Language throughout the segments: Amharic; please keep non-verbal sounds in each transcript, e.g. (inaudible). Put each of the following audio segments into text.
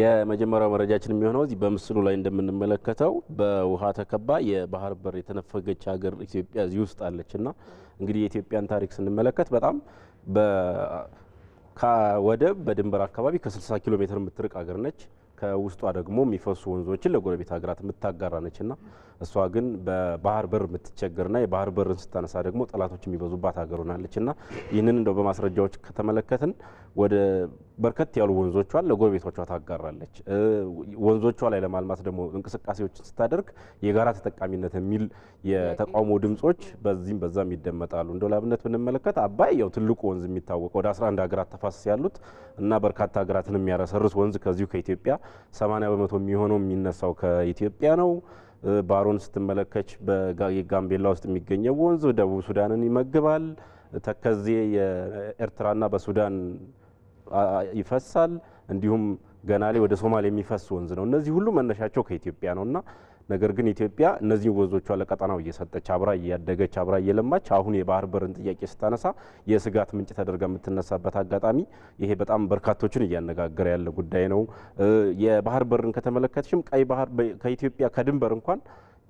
የመጀመሪያው መረጃችን የሚሆነው እዚህ በምስሉ ላይ እንደምንመለከተው በውሃ ተከባ የባህር በር የተነፈገች ሀገር ኢትዮጵያ እዚህ ውስጥ አለችና እንግዲህ የኢትዮጵያን ታሪክ ስንመለከት በጣም ከወደብ በድንበር አካባቢ ከ60 ኪሎ ሜትር የምትርቅ ሀገር ነች። ከውስጧ ደግሞ የሚፈሱ ወንዞችን ለጎረቤት ሀገራት የምታጋራ ነችና እሷ ግን በባህር በር የምትቸገርና የባህር በርን ስታነሳ ደግሞ ጠላቶች የሚበዙባት ሀገር ሆናለችና ይህንን እንደው በማስረጃዎች ከተመለከትን ወደ በርከት ያሉ ወንዞቿን ለጎረቤቶቿ ታጋራለች። ወንዞቿ ላይ ለማልማት ደግሞ እንቅስቃሴዎችን ስታደርግ የጋራ ተጠቃሚነት የሚል የተቃውሞ ድምጾች በዚህም በዛም ይደመጣሉ። እንደ ላብነት ብንመለከት አባይ ያው ትልቁ ወንዝ የሚታወቀው ወደ 11 ሀገራት ተፋሰስ ያሉት እና በርካታ ሀገራትን የሚያረሰርስ ወንዝ ከዚሁ ከኢትዮጵያ 80 በመቶ የሚሆነው የሚነሳው ከኢትዮጵያ ነው። ባሮን ስትመለከች በጋምቤላ ውስጥ የሚገኘው ወንዝ ደቡብ ሱዳንን ይመግባል። ተከዜ የኤርትራና በሱዳን ይፈሳል። እንዲሁም ገና ላይ ወደ ሶማሌ የሚፈስ ወንዝ ነው። እነዚህ ሁሉ መነሻቸው ከኢትዮጵያ ነውና ነገር ግን ኢትዮጵያ እነዚህ ወንዞቿ ለቀጠናው እየሰጠች አብራ እያደገች አብራ እየለማች አሁን የባህር በርን ጥያቄ ስታነሳ የስጋት ምንጭ ተደርጋ የምትነሳበት አጋጣሚ ይሄ በጣም በርካቶችን እያነጋገረ ያለ ጉዳይ ነው። የባህር በርን ከተመለከትሽም ቀይ ባህር ከኢትዮጵያ ከድንበር እንኳን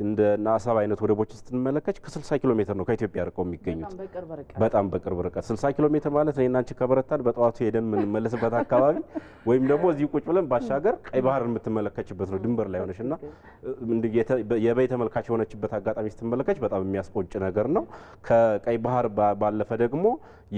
እንደ ናሳብ አይነት ወደቦች ስትመለከች ከ60 ኪሎ ሜትር ነው ከኢትዮጵያ ርቀው የሚገኙት። በጣም በቅርብ ርቀት 60 ኪሎ ሜትር ማለት እኔና አንቺ ከበረታን በጠዋቱ ሄደን የምንመለስበት አካባቢ (laughs) ወይም ደግሞ እዚህ ቁጭ ብለን ባሻገር ቀይ ባህርን የምትመለከችበት ነው። ድንበር ላይ ሆነች እና የበይ ተመልካች የሆነችበት አጋጣሚ ስትመለከች በጣም የሚያስቆጭ ነገር ነው። ከቀይ ባህር ባለፈ ደግሞ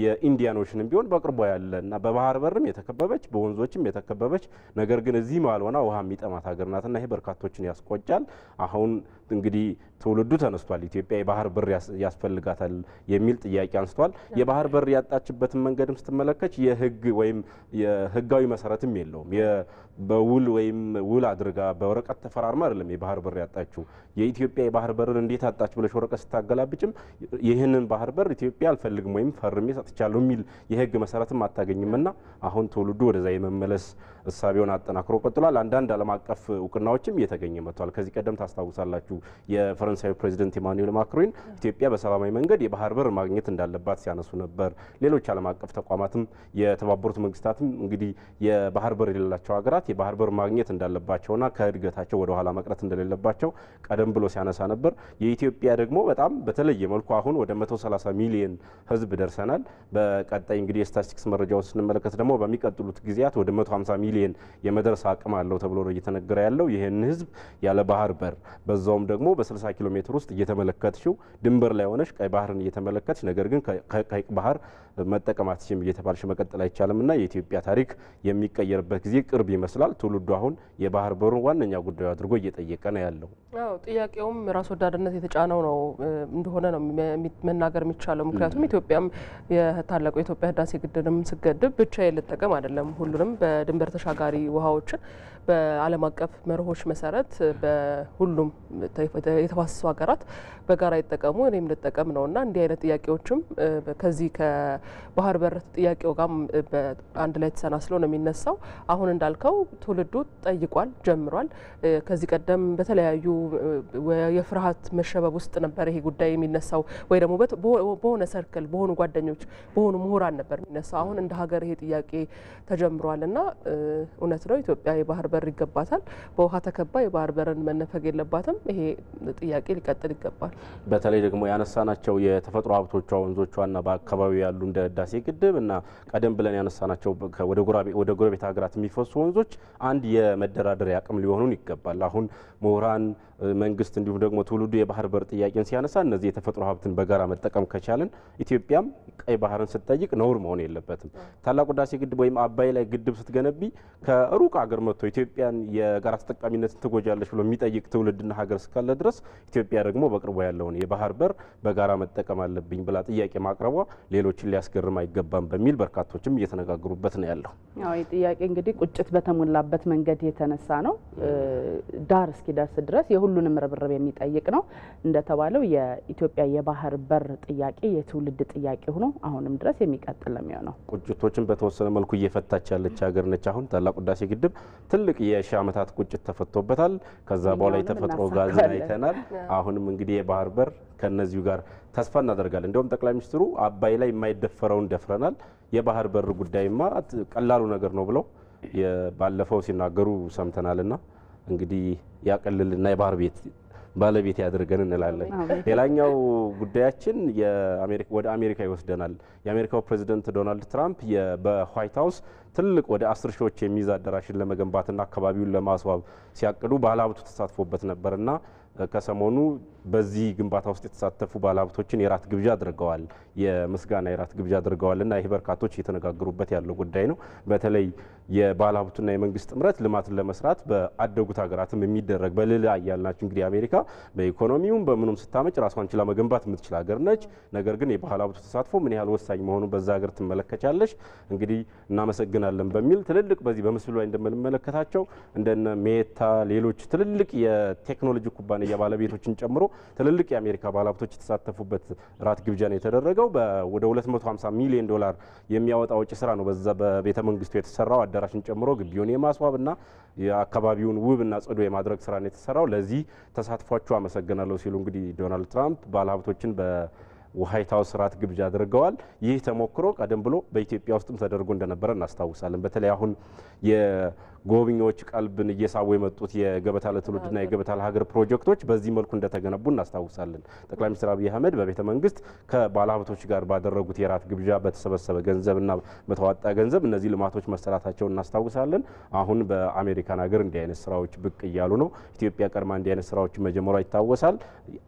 የኢንዲያን ኦሽንም ቢሆን በቅርቧ ያለ እና በባህር በርም የተከበበች በወንዞችም የተከበበች ነገር ግን እዚህ ማልሆና ውሃ የሚጠማት ሀገር ናትና ይሄ በርካቶችን ያስቆጫል አሁን እንግዲህ ትውልዱ ተነስቷል። ኢትዮጵያ የባህር በር ያስፈልጋታል የሚል ጥያቄ አንስቷል። የባህር በር ያጣችበትን መንገድም ስትመለከች የህግ ወይም የህጋዊ መሰረትም የለውም። በውል ወይም ውል አድርጋ በወረቀት ተፈራርማ አይደለም የባህር በር ያጣችው። የኢትዮጵያ የባህር በርን እንዴት አጣች ብለሽ ወረቀት ስታገላብጭም ይህንን ባህር በር ኢትዮጵያ አልፈልግም ወይም ፈርሜ ሰጥቻለሁ የሚል የህግ መሰረትም ና አሁን ትውልዱ ወደዛ የመመለስ እሳቢውን አጠናክሮ ቀጥሏል። አንዳንድ ዓለም አቀፍ እውቅናዎችም እየተገኘ መጥቷል። ከዚህ ቀደም ታስታውሳላችሁ የፈረንሳዊ ፕሬዚደንት ኢማኑኤል ማክሮን ኢትዮጵያ በሰላማዊ መንገድ የባህር በር ማግኘት እንዳለባት ሲያነሱ ነበር። ሌሎች ዓለም አቀፍ ተቋማትም የተባበሩት መንግስታትም እንግዲህ የባህር በር የሌላቸው ሀገራት የባህር በር ማግኘት እንዳለባቸውና ከእድገታቸው ወደ ኋላ መቅረት እንደሌለባቸው ቀደም ብሎ ሲያነሳ ነበር። የኢትዮጵያ ደግሞ በጣም በተለየ መልኩ አሁን ወደ 130 ሚሊዮን ህዝብ ደርሰናል። በቀጣይ እንግዲህ የስታቲስቲክስ መረጃውን ስንመለከት ደግሞ በሚቀጥሉት ጊዜያት ወደ 150 ሚሊዮን የመድረስ አቅም አለው ተብሎ ነው እየተነገረ ያለው። ይህን ህዝብ ያለ ባህር በር በዛውም ደግሞ በ60 ኪሎ ሜትር ውስጥ እየተመለከትሽው ድንበር ላይ ሆነሽ ቀይ ባህርን እየተመለከትሽ ነገር ግን ከቀይ ባህር መጠቀም አትችም እየተባልሽ መቀጠል አይቻልም እና የኢትዮጵያ ታሪክ የሚቀየርበት ጊዜ ቅርብ ይመስላል። ትውልዱ አሁን የባህር በሩ ዋነኛ ጉዳዩ አድርጎ እየጠየቀ ነው ያለው። አዎ ጥያቄውም ራስ ወዳድነት የተጫነው ነው እንደሆነ ነው መናገር የሚቻለው። ምክንያቱም ኢትዮጵያም የታላቁ የኢትዮጵያ ህዳሴ ግድብም ስገድብ ብቻ የልጠቀም አይደለም ሁሉንም በድንበር ተሻጋሪ ውሃዎችን በዓለም አቀፍ መርሆች መሰረት በሁሉም የተፋሰሱ ሀገራት በጋራ ይጠቀሙ እኔም ልጠቀም ነውና እንዲህ አይነት ጥያቄዎችም ከዚህ ከባህር በር ጥያቄው ጋር አንድ ላይ ተሰናስሎ ነው የሚነሳው። አሁን እንዳልከው ትውልዱ ጠይቋል፣ ጀምሯል። ከዚህ ቀደም በተለያዩ የፍርሃት መሸበብ ውስጥ ነበር ይሄ ጉዳይ የሚነሳው ወይ ደግሞ በሆነ ሰርክል በሆኑ ጓደኞች በሆኑ ምሁራን ነበር የሚነሳው። አሁን እንደ ሀገር ይሄ ጥያቄ ተጀምሯል እና እውነት ነው ኢትዮጵያ የባህር በር ይገባታል። በውሃ ተከባ የባህር በርን መነፈግ የለባትም። ይሄ ጥያቄ ሊቀጥል ይገባል። በተለይ ደግሞ ያነሳናቸው የተፈጥሮ ሀብቶቿ ወንዞቿና በአካባቢው ያሉ እንደ ህዳሴ ግድብ እና ቀደም ብለን ያነሳናቸው ወደ ጎረቤት ሀገራት የሚፈሱ ወንዞች አንድ የመደራደሪያ አቅም ሊሆኑን ይገባል። አሁን ምሁራን፣ መንግስት እንዲሁም ደግሞ ትውልዱ የባህር በር ጥያቄን ሲያነሳ እነዚህ የተፈጥሮ ሀብትን በጋራ መጠቀም ከቻልን ኢትዮጵያም ቀይ ባህርን ስትጠይቅ ነውር መሆን የለበትም። ታላቁ ህዳሴ ግድብ ወይም አባይ ላይ ግድብ ስትገነቢ ከሩቅ አገር መጥቶ ኢትዮጵያን የጋራ ተጠቃሚነትን ትጎጃለች ብሎ የሚጠይቅ ትውልድና ሀገር እስካለ ድረስ ኢትዮጵያ ደግሞ በቅርቧ ያለውን የባህር በር በጋራ መጠቀም አለብኝ ብላ ጥያቄ ማቅረቧ ሌሎችን ሊያስገርም አይገባም በሚል በርካቶችም እየተነጋገሩበት ነው ያለው። ይህ ጥያቄ እንግዲህ ቁጭት በተሞላበት መንገድ የተነሳ ነው። ዳር እስኪደርስ ድረስ የሁሉንም ርብርብ የሚጠይቅ ነው። እንደተባለው የኢትዮጵያ የባህር በር ጥያቄ የትውልድ ጥያቄ ሆኖ አሁንም ድረስ የሚቀጥል ለሚሆነው ቁጭቶችን በተወሰነ መልኩ እየፈታች ያለች ሀገር ነች። አሁን ታላቁ ህዳሴ ግድብ ትልቅ ትልቅ የሺህ ዓመታት ቁጭት ተፈቶበታል። ከዛ በኋላ የተፈጥሮ ጋዝን አይተናል። አሁንም እንግዲህ የባህር በር ከነዚሁ ጋር ተስፋ እናደርጋለን። እንዲሁም ጠቅላይ ሚኒስትሩ አባይ ላይ የማይደፈረውን ደፍረናል፣ የባህር በር ጉዳይማ ቀላሉ ነገር ነው ብለው ባለፈው ሲናገሩ ሰምተናልና እንግዲህ ያቀልልና የባህር ቤት ባለቤት ያደርገን እንላለን። ሌላኛው ጉዳያችን ወደ አሜሪካ ይወስደናል። የአሜሪካው ፕሬዚደንት ዶናልድ ትራምፕ በዋይት ሀውስ ትልቅ ወደ አስር ሺዎች የሚይዝ አዳራሽን ለመገንባትና አካባቢውን ለማስዋብ ሲያቅዱ ባለሀብቱ ተሳትፎበት ነበርና ከሰሞኑ በዚህ ግንባታ ውስጥ የተሳተፉ ባለሀብቶችን የራት ግብዣ አድርገዋል። የምስጋና የራት ግብዣ አድርገዋልና ይህ በርካቶች እየተነጋገሩበት ያለው ጉዳይ ነው። በተለይ የባለሀብቱና የመንግስት ጥምረት ልማትን ለመስራት በአደጉት ሀገራትም የሚደረግ በልል እያልናቸው እንግዲህ አሜሪካ በኢኮኖሚውም በምኑም ስታመጭ ራሷን ችላ መገንባት የምትችል ሀገር ነች። ነገር ግን የባለሀብቱ ተሳትፎ ምን ያህል ወሳኝ መሆኑ በዛ ሀገር ትመለከቻለች። እንግዲህ እናመሰግናል። እናመሰግናለን በሚል ትልልቅ በዚህ በምስሉ ላይ እንደምንመለከታቸው እንደነ ሜታ ሌሎች ትልልቅ የቴክኖሎጂ ኩባንያ ባለቤቶችን ጨምሮ ትልልቅ የአሜሪካ ባለሀብቶች የተሳተፉበት ራት ግብዣ ነው የተደረገው። ወደ 250 ሚሊዮን ዶላር የሚያወጣ ወጪ ስራ ነው በዛ በቤተ መንግስቱ የተሰራው አዳራሽን ጨምሮ ግቢውን የማስዋብና የአካባቢውን ውብና ጽዱ የማድረግ ስራ ነው የተሰራው። ለዚህ ተሳትፏችሁ አመሰግናለሁ ሲሉ እንግዲህ ዶናልድ ትራምፕ ባለሀብቶችን በ የዋይት ሀውስ ራት ግብዣ አድርገዋል። ይህ ተሞክሮ ቀደም ብሎ በኢትዮጵያ ውስጥም ተደርጎ እንደነበረ እናስታውሳለን። በተለይ አሁን የጎብኚዎች ቀልብን እየሳቡ የመጡት የገበታ ለትውልድና የገበታ ለሀገር ፕሮጀክቶች በዚህ መልኩ እንደተገነቡ እናስታውሳለን። ጠቅላይ ሚኒስትር አብይ አህመድ በቤተ መንግስት ከባለሀብቶች ጋር ባደረጉት የራት ግብዣ በተሰበሰበ ገንዘብና በተዋጣ ገንዘብ እነዚህ ልማቶች መሰራታቸውን እናስታውሳለን። አሁን በአሜሪካን ሀገር እንዲህ አይነት ስራዎች ብቅ እያሉ ነው። ኢትዮጵያ ቀድማ እንዲህ አይነት ስራዎች መጀመሯ ይታወሳል።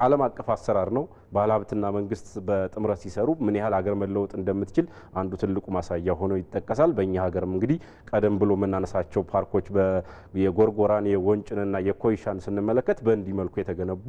ዓለም አቀፍ አሰራር ነው። ባለሀብትና መንግስት በጥምረት ሲሰሩ ምን ያህል ሀገር መለወጥ እንደምትችል አንዱ ትልቁ ማሳያ ሆኖ ይጠቀሳል። በእኛ ሀገርም እንግዲህ ቀደም ብሎ የምናነሳቸው ፓርኮች የጎርጎራን የወንጭንና የኮይሻን ስንመለከት በእንዲህ መልኩ የተገነቡ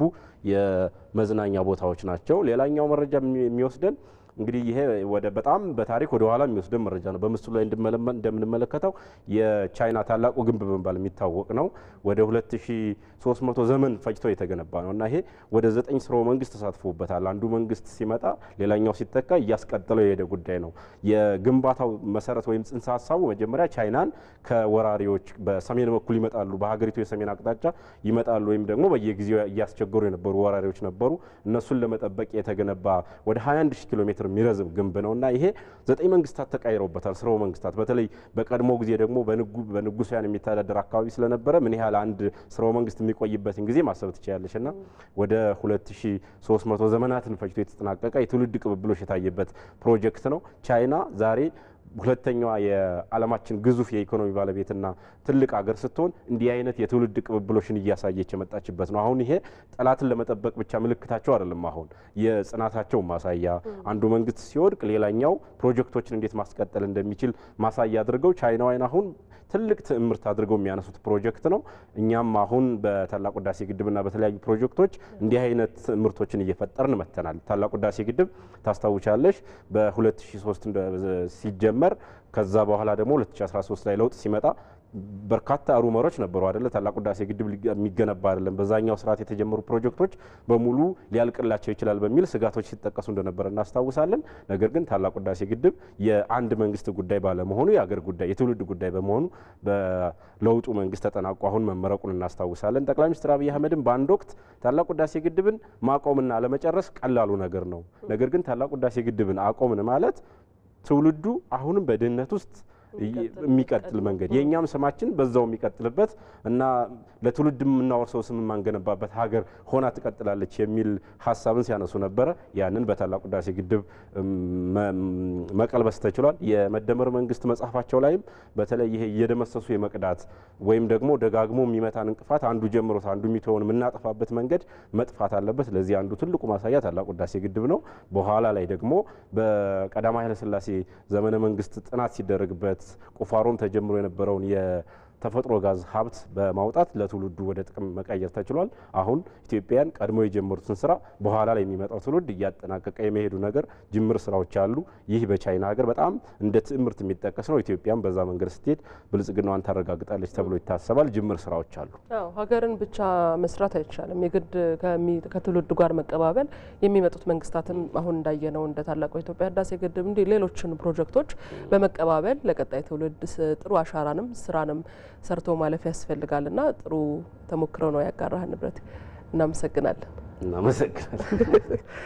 የመዝናኛ ቦታዎች ናቸው። ሌላኛው መረጃ የሚወስደን እንግዲህ ይሄ ወደ በጣም በታሪክ ወደ ኋላ የሚወስደን መረጃ ነው። በምስሉ ላይ እንደምንመለከተው የቻይና ታላቁ ግንብ በመባል የሚታወቅ ነው። ወደ 2300 ዘመን ፈጅቶ የተገነባ ነው እና ይሄ ወደ ዘጠኝ ስርወ መንግስት ተሳትፎበታል። አንዱ መንግስት ሲመጣ ሌላኛው ሲተካ እያስቀጠለው የሄደ ጉዳይ ነው። የግንባታው መሰረት ወይም ጽንሰ ሀሳቡ መጀመሪያ ቻይናን ከወራሪዎች በሰሜን በኩል ይመጣሉ፣ በሀገሪቱ የሰሜን አቅጣጫ ይመጣሉ ወይም ደግሞ በየጊዜው እያስቸገሩ የነበሩ ወራሪዎች ነበሩ። እነሱን ለመጠበቅ የተገነባ ወደ 21 ኪሎ ሜትር የሚረዝም ግንብ ነው እና ይሄ ዘጠኝ መንግስታት ተቃይረውበታል። ስርወ መንግስታት በተለይ በቀድሞ ጊዜ ደግሞ በንጉሳውያን የሚተዳደር አካባቢ ስለነበረ ምን ያህል አንድ ስርወ መንግስት የሚቆይበትን ጊዜ ማሰብ ትችያለች። እና ወደ 2300 ዘመናትን ፈጅቶ የተጠናቀቀ የትውልድ ቅብብሎች የታየበት ፕሮጀክት ነው። ቻይና ዛሬ ሁለተኛዋ የዓለማችን ግዙፍ የኢኮኖሚ ባለቤትና ትልቅ ሀገር ስትሆን እንዲህ አይነት የትውልድ ቅብብሎችን እያሳየች የመጣችበት ነው። አሁን ይሄ ጠላትን ለመጠበቅ ብቻ ምልክታቸው አይደለም። አሁን የጽናታቸው ማሳያ አንዱ መንግስት ሲወድቅ ሌላኛው ፕሮጀክቶችን እንዴት ማስቀጠል እንደሚችል ማሳያ አድርገው ቻይናውያን አሁን ትልቅ ትዕምርት አድርገው የሚያነሱት ፕሮጀክት ነው። እኛም አሁን በታላቁ ህዳሴ ግድብና በተለያዩ ፕሮጀክቶች እንዲህ አይነት ትዕምርቶችን እየፈጠርን መተናል። ታላቁ ህዳሴ ግድብ ታስታውቻለሽ በ2003 ሲጀምር ሲጀመር ከዛ በኋላ ደግሞ 2013 ላይ ለውጥ ሲመጣ በርካታ ሩመሮች ነበሩ አደለ? ታላቁ ህዳሴ ግድብ የሚገነባ አይደለም፣ በዛኛው ስርዓት የተጀመሩ ፕሮጀክቶች በሙሉ ሊያልቅላቸው ይችላል በሚል ስጋቶች ሲጠቀሱ እንደነበረ እናስታውሳለን። ነገር ግን ታላቁ ህዳሴ ግድብ የአንድ መንግስት ጉዳይ ባለመሆኑ የአገር ጉዳይ፣ የትውልድ ጉዳይ በመሆኑ በለውጡ መንግስት ተጠናቆ አሁን መመረቁን እናስታውሳለን። ጠቅላይ ሚኒስትር አብይ አህመድም በአንድ ወቅት ታላቁ ህዳሴ ግድብን ማቆምና አለመጨረስ ቀላሉ ነገር ነው፣ ነገር ግን ታላቁ ህዳሴ ግድብን አቆምን ማለት ትውልዱ አሁንም በድህነት ውስጥ የሚቀጥል መንገድ የእኛም ስማችን በዛው የሚቀጥልበት እና ለትውልድ የምናወርሰው ስም የማንገነባበት ሀገር ሆና ትቀጥላለች የሚል ሀሳብን ሲያነሱ ነበረ። ያንን በታላቁ ህዳሴ ግድብ መቀልበስ ተችሏል። የመደመር መንግስት መጽሐፋቸው ላይም በተለይ ይሄ እየደመሰሱ የመቅዳት ወይም ደግሞ ደጋግሞ የሚመታን እንቅፋት አንዱ ጀምሮት አንዱ የሚተውን የምናጠፋበት መንገድ መጥፋት አለበት። ለዚህ አንዱ ትልቁ ማሳያ ታላቁ ህዳሴ ግድብ ነው። በኋላ ላይ ደግሞ በቀዳማዊ ኃይለስላሴ ዘመነ መንግስት ጥናት ሲደረግበት ቁፋሮም ተጀምሮ የነበረውን ተፈጥሮ ጋዝ ሀብት በማውጣት ለትውልዱ ወደ ጥቅም መቀየር ተችሏል። አሁን ኢትዮጵያን ቀድሞ የጀመሩትን ስራ በኋላ ላይ የሚመጣው ትውልድ እያጠናቀቀ የመሄዱ ነገር ጅምር ስራዎች አሉ። ይህ በቻይና ሀገር በጣም እንደ ትምህርት የሚጠቀስ ነው። ኢትዮጵያን በዛ መንገድ ስትሄድ ብልጽግናዋን ታረጋግጣለች ተብሎ ይታሰባል። ጅምር ስራዎች አሉ። ሀገርን ብቻ መስራት አይቻልም። የግድ ከትውልዱ ጋር መቀባበል የሚመጡት መንግስታትም አሁን እንዳየነው እንደ ታላቁ ኢትዮጵያ ህዳሴ ግድብ እንዲህ ሌሎችን ፕሮጀክቶች በመቀባበል ለቀጣይ ትውልድ ጥሩ አሻራንም ስራንም ሰርቶ ማለፍ ያስፈልጋል እና ጥሩ ተሞክሮ ነው ያጋራህ ንብረት። እናመሰግናለን። እናመሰግናለን።